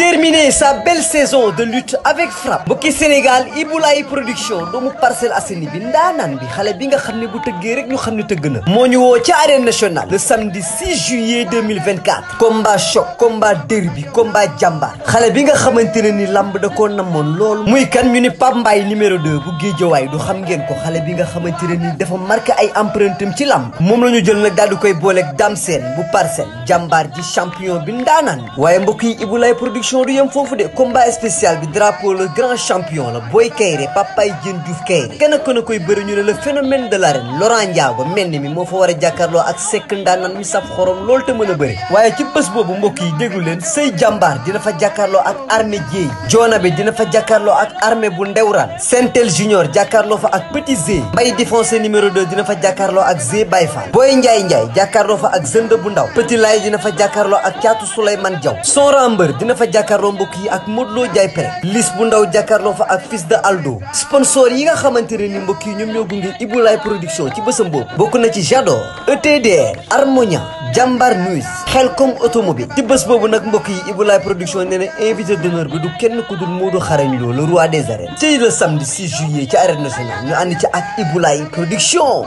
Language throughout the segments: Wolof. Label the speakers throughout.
Speaker 1: terminer sa belle saison de lutte avec frappe mbokki Sénégal Ibulaay production doomu Parcelles Assainies bi ndaanaan bi xale bi nga xam ne bu tëggee rek ñu xam ne tëgg na moo ñu woo ci arène nationale le samedi 6 juillet 2024 combat choc combat derby combat jàmbaar xale bi nga xamante ne ni lamb da koo namoon lool muy kan ñu ni Pape Mbaye numéro 2 bu Géejawaay du xam ngeen ko xale bi nga xamante ne ni dafa marqué ay empreinte am ci lamb moom la ñu jël nag daal di koy booleeg Dame Sène bu Parcelles jàmbaar ji champion bi ndaanaan production du yem foofu de combat spécial bi drapeau le grand champion la Boy Kaïré Papaye Diène Diouf Kaïré kenn ku ne koy bëri ñu ne le phénomène de l'arène Laurent Ndiago mel ni mi moo fa war a jàkkaarloo ak sekk ndaanan mi saf xorom loolu te mën a bëri waaye ci bés boobu mbokk yi déglu leen sëy jàmbaar dina fa jàkkaarloo ak armée jéey joona bi dina fa jàkkaarloo ak armée bu ndewraan sentel junior jàkkaarloo fa ak petit zé mbay défoncé numéro 2 dina fa jàkkaarloo ak zé bay fall booy njaay njaay jàkkaarloo fa ak zënd bu ndaw petit laay dina fa jàkkaarloo ak caatu souleyman jaw sonra jàkkaarloo mbokk yi ak Modou Lo lis bu ndaw jàkkaarloo fa ak fils de Aldo sponsor yi nga xamante ne ni mbokk yi ñoom ñoo gunge Ibulaay production ci bésam boobu bokk na ci Jador ETDR Harmonia Jambar News Xelcom automobile ci bés boobu nag mbokk yi Ibulaay production nee na invité d'honneur bi du kenn ku dul Modou Xarañ Lo le roi des arènes ci le samedi 6 juillet ci arène nationale ñu ànd ci ak Ibulaay production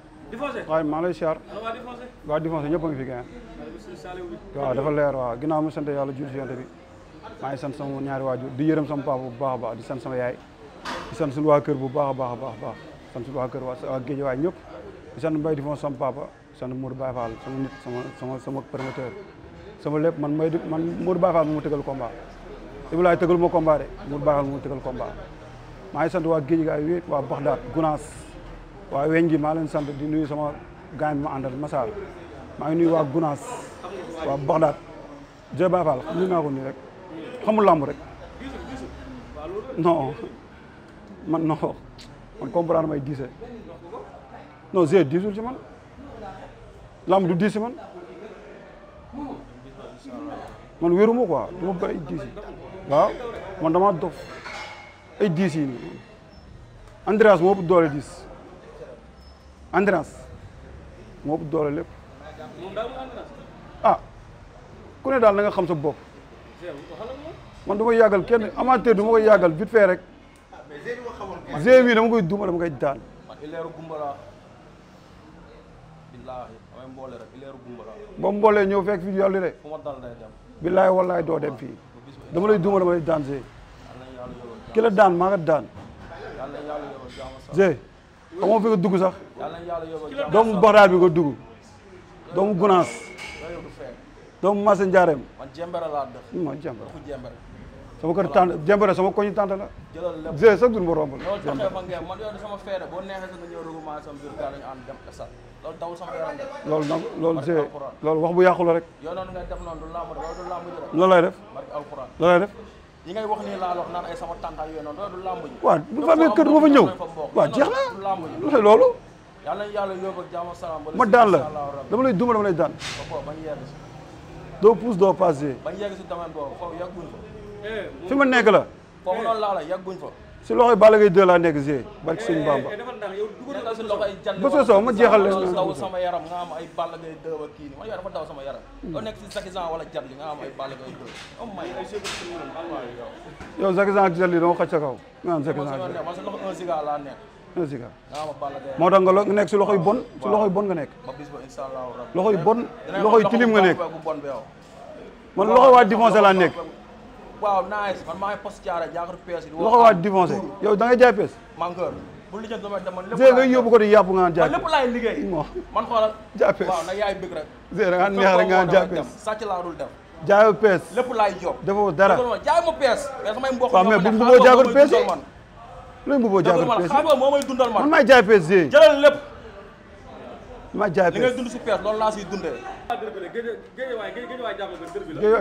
Speaker 2: waaye maa ngi lay siyaar ah, waa Difoncé ñëpp a ngi fi gain waaw dafa leer
Speaker 3: waaw mu sant yàlla jul si yonte bi maa ngi sant sama ñaari waajur di yërëm sama papa bu baax a baax di sant sama yaay di sant suñu waa kër bu baax a baax a baax baax sant suñu waa kër waa géej waay ñëpp di sant Mbaye Difoncé sama papa sant Mour Baye Fall sama nit sama sama sama promoteur sama lépp man may man Mour Baye Fall mu tëgal combat Ibulaay tëgal ma combat de Mour Baye Fall mu tëgal combat maa ngi sant waa waaw weñ gi maa sant di nuyu sama gaañ ma àndal Massar maa ngi nuyu waa Gunaas waa Baxdaat Jé Bafal xam naa ko nii rek xamul làmb rek non man non man comprendre may diise non Zé diisul ci man làmb du diis man man wéruma quoi du man damaa dof ay diis yi Andreas moo ëpp doole diis endurance moo doole lépp a ah, ku daal na nga xam sa bopp man du ma yàggal kenn amateur du ma koy yàggal vite fait rek g bi dama koy duma dama koy daan
Speaker 2: ba mboolee ñëw fekk fi yàlli de billaay wallaay doo dem
Speaker 3: fii dama lay duma dama lay daan g ki la daan maa nga daan g xam nga fi nga dugg sax
Speaker 2: doomu Baxdaad bi nga dugg doomu Gunaas
Speaker 3: doomu Massa Ndiarème
Speaker 2: man jembere laa def man jembere sama kër tànt
Speaker 3: jembere sama koñu tànt la jé sax dun ma romb
Speaker 2: la loolu nag loolu jé wax bu yàqu la rek loolu lay def loolu lay def ñi ngay wax nii laa wax naan ay sama tàntaay yooyu noonu loolu du làmb ji. waaw bu fa amee kër du ma fa ñëw waaw jeex na loolu loolu. yàlla na yàlla yóbbu ak ma daan la dama lay duma dama lay daan.
Speaker 3: doo pousse doo passé. bañ
Speaker 2: yegg si domaine boobu foofu yàgguñ fa. Eh, fi ma nekk la. foofu noonu laa la yàgguñ fa.
Speaker 3: si loxoy Balla Gaye 2 laa nekk G barke sëñ Bamba. Eh,
Speaker 2: eh, bësoo soo ma jeexal leen daw sama yaram nga am ay Balla Gaye 2 ak kii man yow dafa daw sama yaram. doo hmm. nekk si Zakizan wala Jadli nga am ay Balla Gaye 2. am may
Speaker 3: yow Zakizan ak Jadli dama xaj sa kaw. nga am Zakizan ak Jadli man
Speaker 2: sa loxo un siga laa nekk. un siga moo tax nga nekk si loxoy bon si loxoy bon nga nekk. ba bis ba incha allahu rabi loxoy bon loxoy tilim nga nekk man loxoy waa défoncé laa nekk. waaw nice man maa ngi post jaara jaaxal pees yi. waxoo waa divorcé
Speaker 3: yow da ngay jaay pees.
Speaker 2: man kër bu li jëm dama man lépp laay nga yóbbu
Speaker 3: ko di yàpp nga naan jaay lépp laay liggéey.
Speaker 2: man xoolal jaay pees waaw nag yaay bëgg rek.
Speaker 3: Zé da ngaa neex rek nga naan jaay pees
Speaker 2: sàcc laa dul def.
Speaker 3: jaayoo pees lépp laay jox. defoo dara
Speaker 2: jaay ma pees. mais samay mbokk ñoo ma ne xaaral ma may dundal man waaw mais bu mu bëggoo
Speaker 3: jaay pees yi. lépp ma jaay pees li ngay dund
Speaker 2: si pees loolu laa siy dundee. géejewaay géejewaay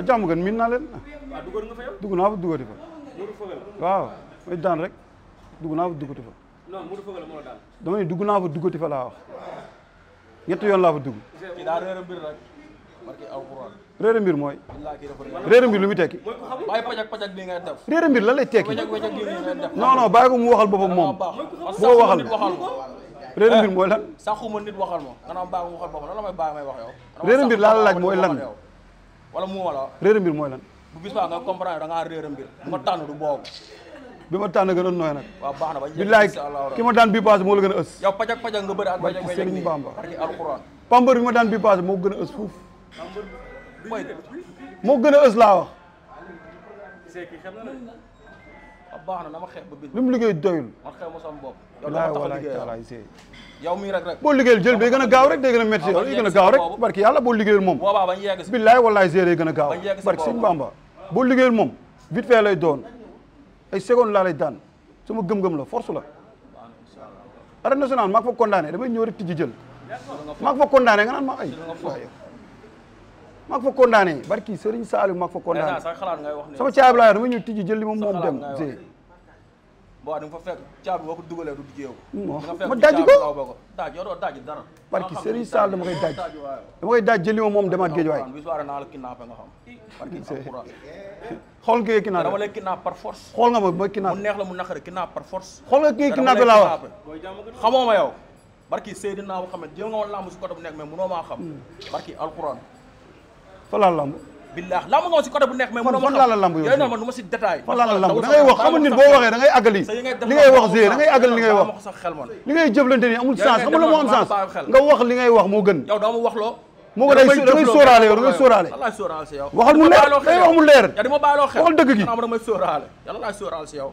Speaker 2: jàmm miin naa leen. waaw duggoon nga fa dugg naa fa duggati fa. Modou Feugueleu la. waaw
Speaker 3: daan rek dugg naa fa duggati fa.
Speaker 2: non Modou la daan.
Speaker 3: dugg naa fa duggati fa laa wax ñetti yoon laa fa dugg.
Speaker 2: kii daa réer mbir rek. barki
Speaker 3: mooy.
Speaker 2: réer mbir lu mu tekki. bàyyi pajak bi ngay mbir lan lay tekki. non non bàyyi ko mu waxal boppam moom. bu ko
Speaker 3: réer mbir mooy lan
Speaker 2: saxuma nit waxal ma nga naan baa baa may wax
Speaker 3: yow laa la laaj mooy lan wala muuma la
Speaker 2: bu bis baa nga comprendre da ngaa réer mbir ma tànn du boobu
Speaker 3: bi ma tànn gën a nooy nag
Speaker 2: waaw baax na ba bilaay ki ma daan bii paase moo la gën a ës yow pajak pajak nga bëri ak pajak pajak Serigne Bamba alxuraan
Speaker 3: pambar bi ma moo gën a ës fuuf moo gën a ës laa wax
Speaker 2: Ah, baax na dama xeex mu liggéey doyul. man xeex ma sama rek rek. boo liggéeyal jël bi gën a gaaw
Speaker 3: rek day gën a métti. waaw ah, gën a gaaw rek barki yàlla boo liggéeyal moom. boobaa
Speaker 2: bañ yegg si billaay wallaay
Speaker 3: see day gën a gaaw. bañ yegg si barki boo liggéeyal moom vite fait lay doon ay seconde laa lay daan sama gëm-gëm la force la. arène nationale maa ko fa condamné damay ñëw rek tijji jël
Speaker 2: maa ko fa condamné nga naan ma ay
Speaker 3: maa ko fa condamné barki Serigne Saliou maa ko fa condamné sama caabi laa yor dama ñëw tijji jël moom moom dem
Speaker 2: da nga fa fekk caabi boo ko dugalee du jéew ma daj ko daj yow doo daj barki Serigne Sall dama dama
Speaker 3: koy daj jël moom moom demaat géej waay bis
Speaker 2: xool nga kidnappé dama lay kidnappé par force xool nga ma ba kidnappé ma yow nga woon lamb si côté bu nekk mais mënoo maa xam hmm. fa laa lamb billaahi lamb nga si côté bu nekk mais fan laa la lamb yow non man du ma si détail fan laa la lamb da ngay wax am sens nga wax li ngay wax moo gën yow dama wax loo moo ko leer da ngay wax mu leer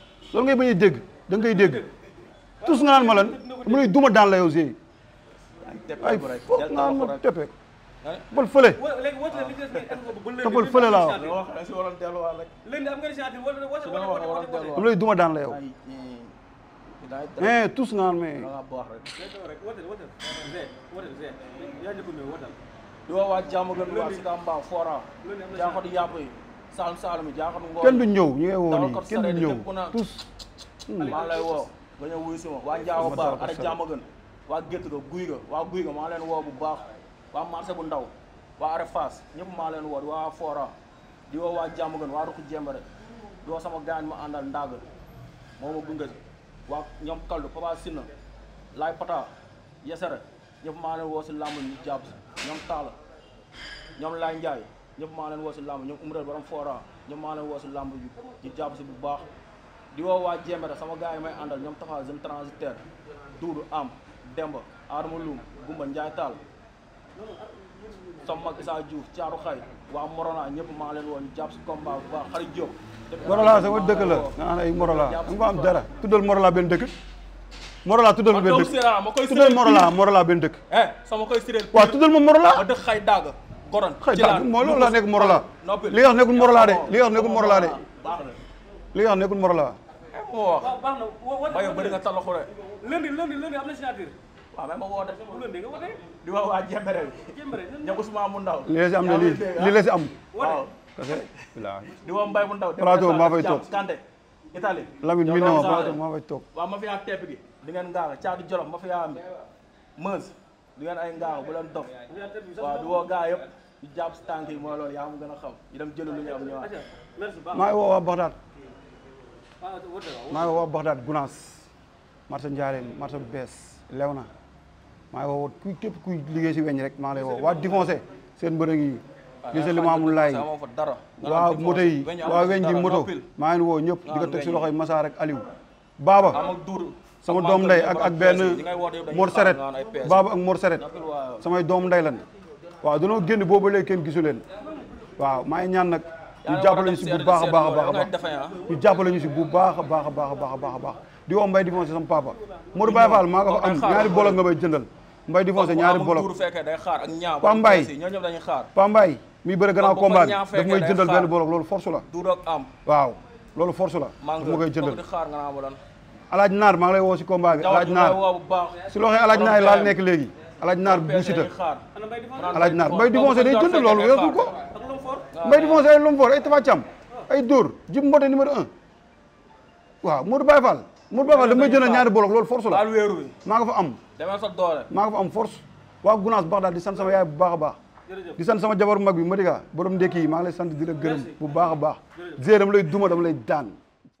Speaker 3: loolu ngay ba a dégg da ngay dégg tous nga naan ma lan mu ne duma daan la yow
Speaker 2: ay foog nga ma teppee ko bal fële topal fële laa wax mu duma daan la yow mais eh, tous nga naan Saalum Saalum yi jaaxal ngoo kenn du
Speaker 3: ñëw ñu ngi woo nii
Speaker 2: kenn
Speaker 3: hmm. maa lay woo
Speaker 2: nga wuyu si ma waa Njaago Baar ada jàmm gën waa gétt ga guy ga waa guy ga maa leen woo bu baax waa marché bu ndaw waa are Fass ñëpp maa leen woo di waa Fora di woo waa jàmm gën waa Ruxu Jembare di woo sama gaañ ma àndal ndàgg moo ma gunge waa ñoom kaldu Papa laay pata yesere ñëpp maa leen woo si làmb ñu jàpp si ñoom taala ñoom laay njaay ñëpp maa leen woo si làmb ñoom umral borom foora ñëpp maa leen woo si làmb ji jàpp si bu baax di woo waa Jembere sama gaa yi may àndal ñoom taxaw jeune transitaire duudu am demba aarma luum gumba njaay taal sama mag Issa Diouf caaru xay waa Morona ñëpp maa leen woo ñu jàpp si combat bu baax xarit Diop Morola sama dëkk la nga xam ne ay Morola da nga
Speaker 3: am dara tuddal Morola benn dëkk Morola tuddal ma benn dëkk tuddal Morola Morola benn dëkk
Speaker 2: eh, sama koy séréer waaw tuddal ma ma dëkk xay daaga koron ci la mooy loolu la nekk morola li nga wax nekkul morola de li nga wax nekkul morola de
Speaker 3: li nga wax nekkul morola
Speaker 2: waaw baax na waaye bëri nga tal loxo rek lundi lundi lundi am na signature waaw mais ma woote lundi nga woote di wax waa jembere jembere ña Ousmane mu ndaw li la si am ne lii lii la si am ah? waaw parce que di wax mbay mu ndaw plateau maa fay toog Kanté Italie Lamine mi ne ma plateau maa fay toog waaw ma fi yaa tepp gi di ngeen ngaa caatu Jolof ma fi yaa am meuse ay ngaaw bu leen dof yi mooy loolu yaa mu maa ngi woo waa Baxdaat maa ngi waa
Speaker 3: Baxdaat Gunaas marché Njaareem marché bu bees lew na maa ngi woo kuy képp kuy liggéey si weñ rek maa ngi lay woo waa Difoncé seen mbërëg li sa limaamu waa
Speaker 2: moto waa weñ gi moto
Speaker 3: maa ngi woo ñëpp di ko teg si loxoy rek Aliou Baba sama doom nday ak ak benn Mor Seret Baba ak Mor Seret samay doom nday lan waaw danoo génn boobu léegi kenn gisu leen waaw maa ngi ñaan nag ñu ah. jàppale ñu si bu baax a baax a baax ñu jàppale ñu bu baax a baax a baax a baax a baax di woo Mbaye Difoncé sama papa Modou Baye Fall maa nga fa am ñaari bolok nga may jëndal Mbaye Difoncé ñaari bolok Pa Mbaye Pa Mbaye mi bëri gannaaw combat bi daf may jëndal benn bolok loolu force la waaw loolu force la daf ma koy jëndal alaaj naar maa ngi lay woo si combat bi alaaj naar
Speaker 2: si loxo alaaj naar laal nekk léegi
Speaker 3: alaaj naar bu sita
Speaker 2: alaaj naar mbay difoncé day jënd loolu yootul ko mbay difoncé
Speaker 3: ay lomfoor ay tafacam ay dóor jib mbote numéro un waaw Modou Baye Fall Modou Baye Fall damay jëndal ñaari bolok loolu force la maa nga fa am maa nga fa am force waa gunaas baax daal di san sama yaay bu baax a baax di san sama jabaru mag bi Madiga borom ndekki yi maa ngi lay sant di la gërëm bu baax a baax dama lay duma dama lay daan